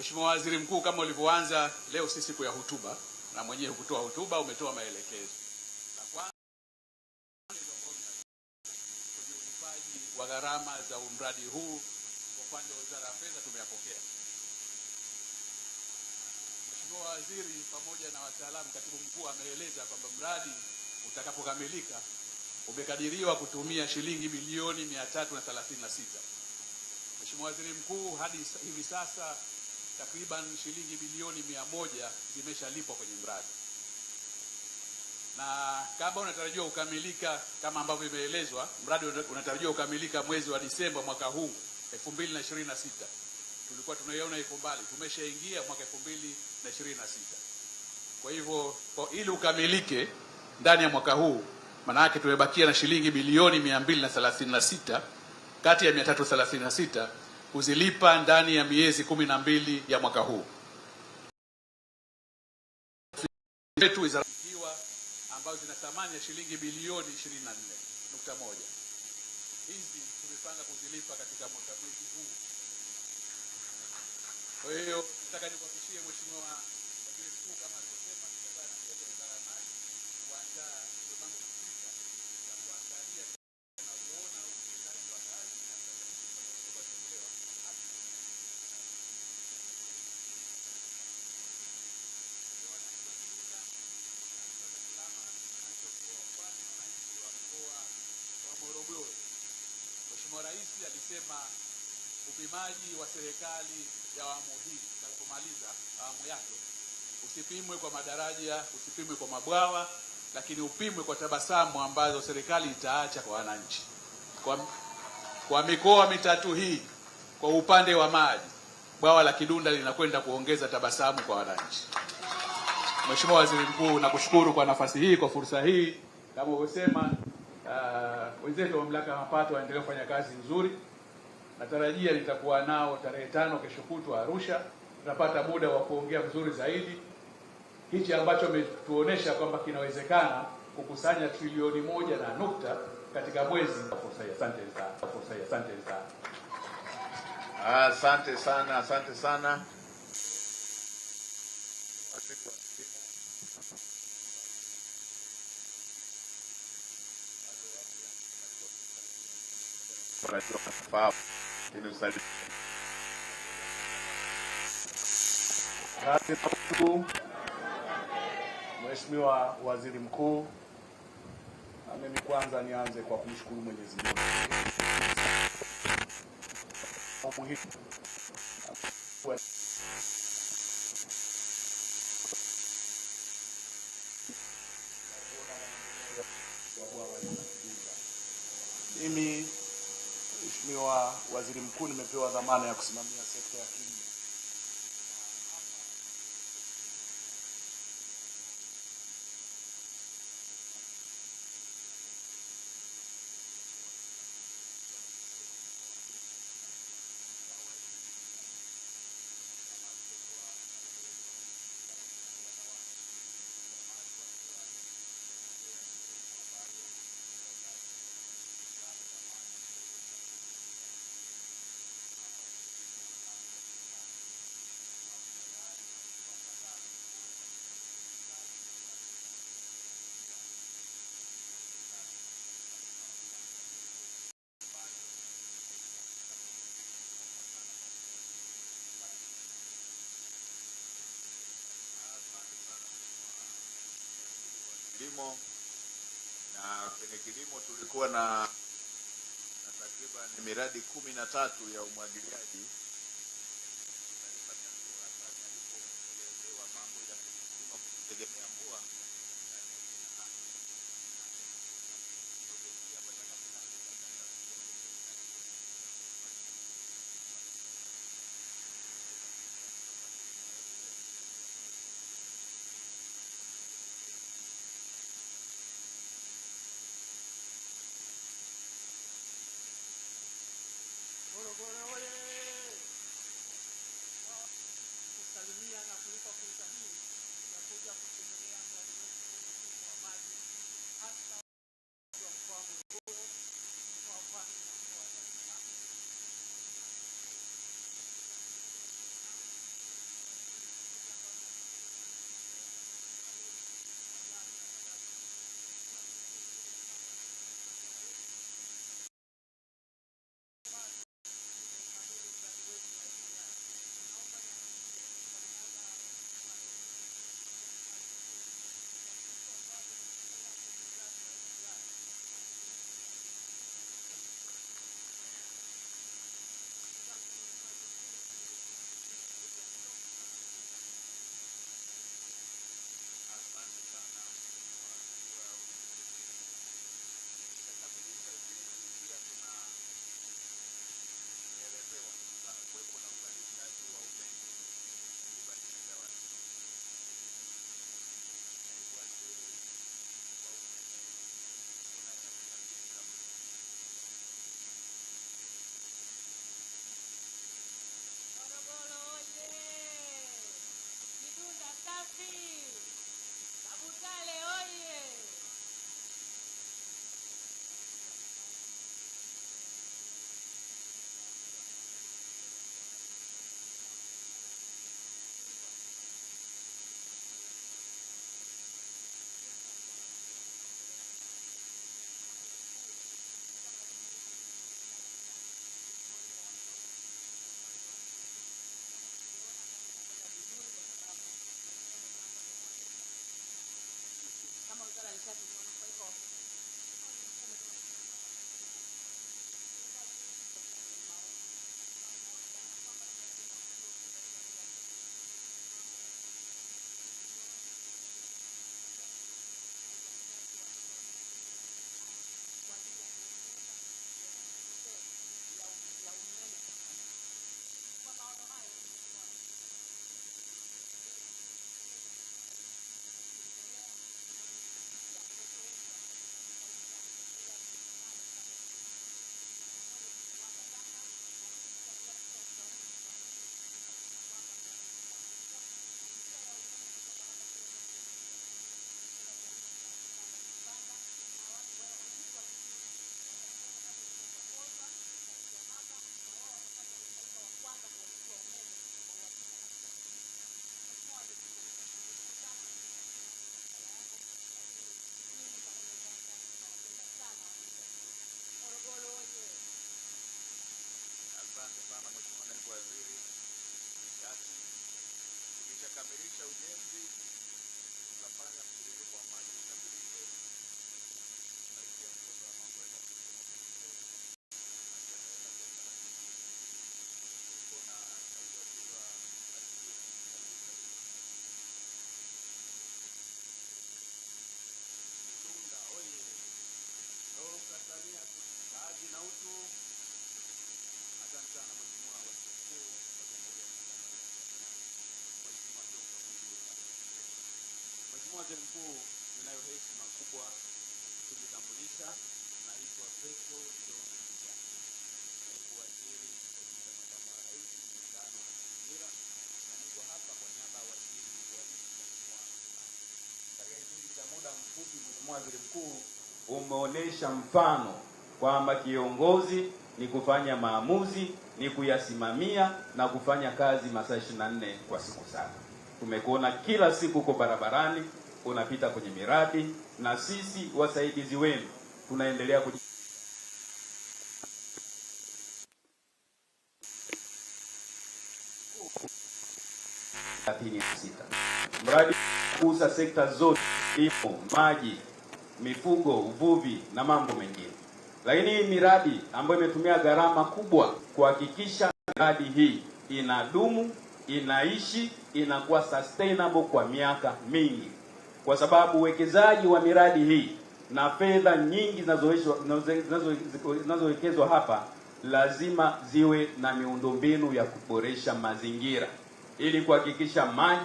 Mheshimiwa Waziri Mkuu, kama ulivyoanza, leo si siku ya hotuba na mwenyewe kutoa hotuba, umetoa maelekezo wa gharama za mradi huu kwa upande wa Wizara ya Fedha tumeyapokea. Mheshimiwa Waziri pamoja na wataalamu, katibu mkuu ameeleza kwamba mradi utakapokamilika umekadiriwa kutumia shilingi bilioni 336. Mheshimiwa Waziri Mkuu, hadi hivi sasa takriban shilingi bilioni mia moja zimeshalipwa kwenye mradi, na kama unatarajiwa kukamilika kama ambavyo imeelezwa, mradi unatarajiwa kukamilika mwezi wa Disemba mwaka huu sita. Tulikuwa tunaiona iko mbali, tumeshaingia mwaka sita. Kwa hivyo ili ukamilike ndani ya mwaka huu, maana yake tumebakia na shilingi bilioni sita kati ya 336 kuzilipa ndani ya miezi kumi na mbili ya mwaka huu yetu izarakiwa ambazo zina thamani ya shilingi bilioni 24.1. Hizi tumepanga kuzilipa katika mwaka huu. Kwa hiyo nataka nikuhakikishie mheshimiwa Mheshimiwa Rais alisema upimaji wa serikali ya awamu hii atakapomaliza awamu yake usipimwe kwa madaraja, usipimwe kwa mabwawa, lakini upimwe kwa tabasamu ambazo serikali itaacha kwa wananchi. Kwa, kwa mikoa mitatu hii, kwa upande wa maji, bwawa la Kidunda linakwenda kuongeza tabasamu kwa wananchi. Mheshimiwa Waziri Mkuu, nakushukuru kwa nafasi hii, kwa fursa hii, kama ulivyosema uh, wenzetu wa mamlaka ya mapato waendelee kufanya kazi nzuri. Natarajia nitakuwa nao tarehe tano kesho kutwa Arusha, tutapata muda wa kuongea vizuri zaidi hichi ambacho umetuonesha kwamba kinawezekana kukusanya trilioni moja na nukta katika mwezi. Asante sana, asante sana, asante sana. wanajua kazi kuu. Mheshimiwa Waziri Mkuu, mimi kwanza nianze kwa kumshukuru Mwenyezi Mungu mimi Mheshimiwa Waziri Mkuu nimepewa dhamana ya kusimamia sekta ya kilimo. kilimo, na kwenye kilimo tulikuwa na, na takriban miradi kumi na tatu ya umwagiliaji Waziri Mkuu, ninayo heshima kubwa kujitambulisha. Naitwa Petro John Msigwa, naibu waziri katika ofisi makamu wa rais, muungano na mazingira, na niko hapa kwa niaba ya waziri wa nchi na Katika kipindi cha muda mfupi, Mheshimiwa Waziri Mkuu, umeonyesha mfano kwamba kiongozi ni kufanya maamuzi, ni kuyasimamia na kufanya kazi masaa 24 kwa siku saba. Tumekuona kila siku uko barabarani unapita kwenye miradi, na sisi wasaidizi wenu tunaendelea kuj... mradi kuuza sekta zote ipo maji, mifugo, uvuvi na mambo mengine, lakini hii miradi ambayo imetumia gharama kubwa kuhakikisha miradi hii inadumu, inaishi, inakuwa sustainable kwa miaka mingi kwa sababu uwekezaji wa miradi hii na fedha nyingi zinazowekezwa hapa lazima ziwe na miundombinu ya kuboresha mazingira ili kuhakikisha maji.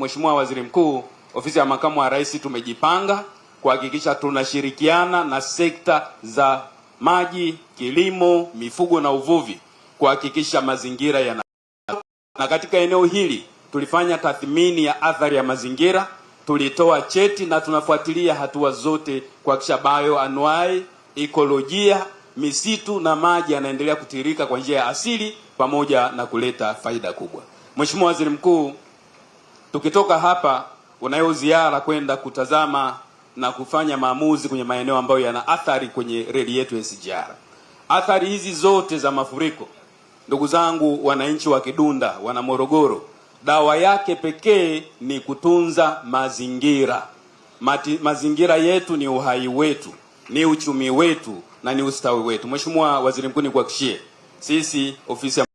Mheshimiwa, Waziri Mkuu, ofisi ya makamu wa rais, tumejipanga kuhakikisha tunashirikiana na sekta za maji, kilimo, mifugo na uvuvi kuhakikisha mazingira yana, na katika eneo hili tulifanya tathmini ya athari ya mazingira tulitoa cheti na tunafuatilia hatua zote kuhakikisha anuai ekolojia, misitu na maji yanaendelea kutiririka kwa njia ya asili pamoja na kuleta faida kubwa. Mheshimiwa Waziri Mkuu, tukitoka hapa unayo ziara kwenda kutazama na kufanya maamuzi kwenye maeneo ambayo yana athari kwenye reli yetu ya SGR. Athari hizi zote za mafuriko, ndugu zangu wananchi wa Kidunda, wana Morogoro dawa yake pekee ni kutunza mazingira. Mati, mazingira yetu ni uhai wetu, ni uchumi wetu na ni ustawi wetu. Mheshimiwa Waziri Mkuu, nikuhakikishie sisi ofisi ya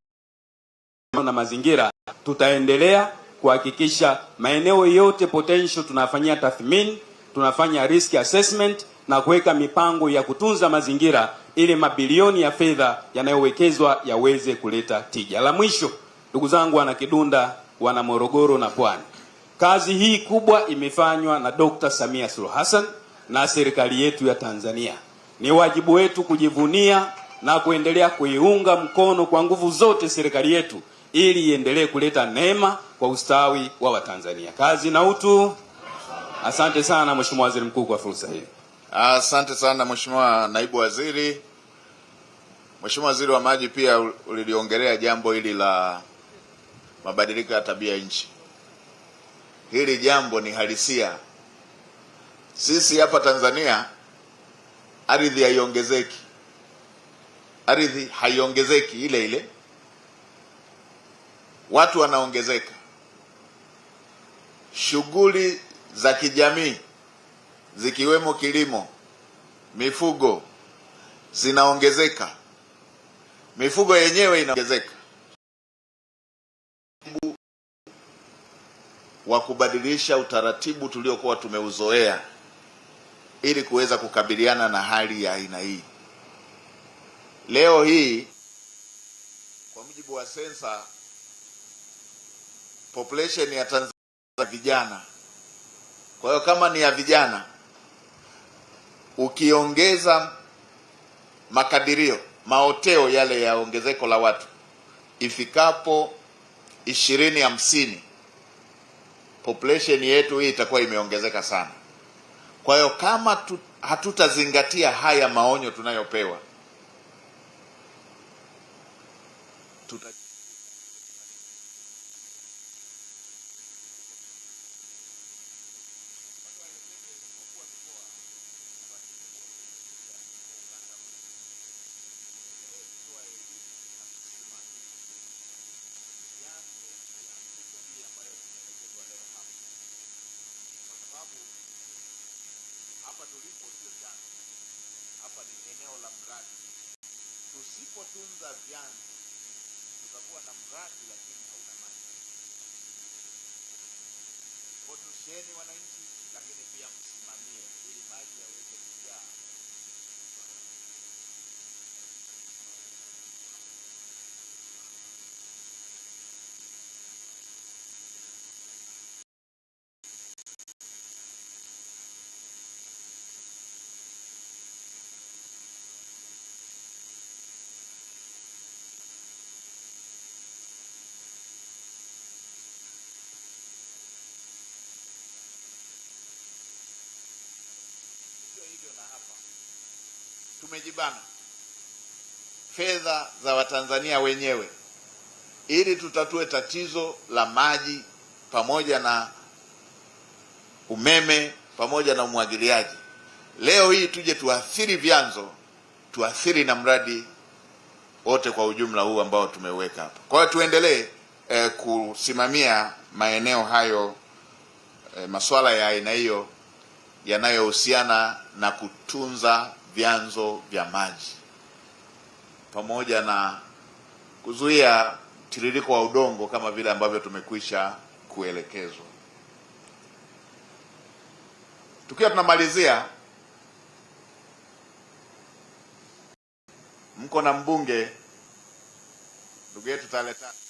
na mazingira tutaendelea kuhakikisha maeneo yote potential tunafanyia tathmini, tunafanya risk assessment na kuweka mipango ya kutunza mazingira ili mabilioni ya fedha yanayowekezwa yaweze kuleta tija. La mwisho, ndugu zangu, ana Kidunda wana Morogoro na Pwani. Kazi hii kubwa imefanywa na Dr. Samia Suluhu Hassan na serikali yetu ya Tanzania. Ni wajibu wetu kujivunia na kuendelea kuiunga mkono kwa nguvu zote serikali yetu ili iendelee kuleta neema kwa ustawi wa Watanzania. Kazi na utu. Asante sana Mheshimiwa Waziri Mkuu kwa fursa hii. Asante sana Mheshimiwa Naibu Waziri. Mheshimiwa Waziri wa Maji, pia uliliongelea jambo hili la mabadiliko ya tabia nchi. Hili jambo ni halisia. Sisi hapa Tanzania ardhi haiongezeki, ardhi haiongezeki ile ile, watu wanaongezeka, shughuli za kijamii zikiwemo kilimo, mifugo zinaongezeka, mifugo yenyewe inaongezeka. wa kubadilisha utaratibu tuliokuwa tumeuzoea ili kuweza kukabiliana na hali ya aina hii. Leo hii kwa mujibu wa sensa, population ya Tanzania vijana. Kwa hiyo kama ni ya vijana, ukiongeza makadirio maoteo yale ya ongezeko la watu ifikapo ishirini hamsini population yetu hii itakuwa imeongezeka sana. Kwa hiyo kama tu, hatutazingatia haya maonyo tunayopewa tuta mradi. Tusipotunza vyanzo, tutakuwa na mradi lakini hauna maji. Kwa tusheni wananchi, lakini pia tumejibana, fedha za Watanzania wenyewe, ili tutatue tatizo la maji pamoja na umeme pamoja na umwagiliaji. Leo hii tuje tuathiri vyanzo, tuathiri na mradi wote kwa ujumla huu ambao tumeweka hapa. Kwa hiyo tuendelee eh, kusimamia maeneo hayo eh, masuala ya aina hiyo yanayohusiana na kutunza vyanzo vya maji pamoja na kuzuia mtiririko wa udongo kama vile ambavyo tumekwisha kuelekezwa. Tukiwa tunamalizia, mko na mbunge ndugu yetu Tale Tale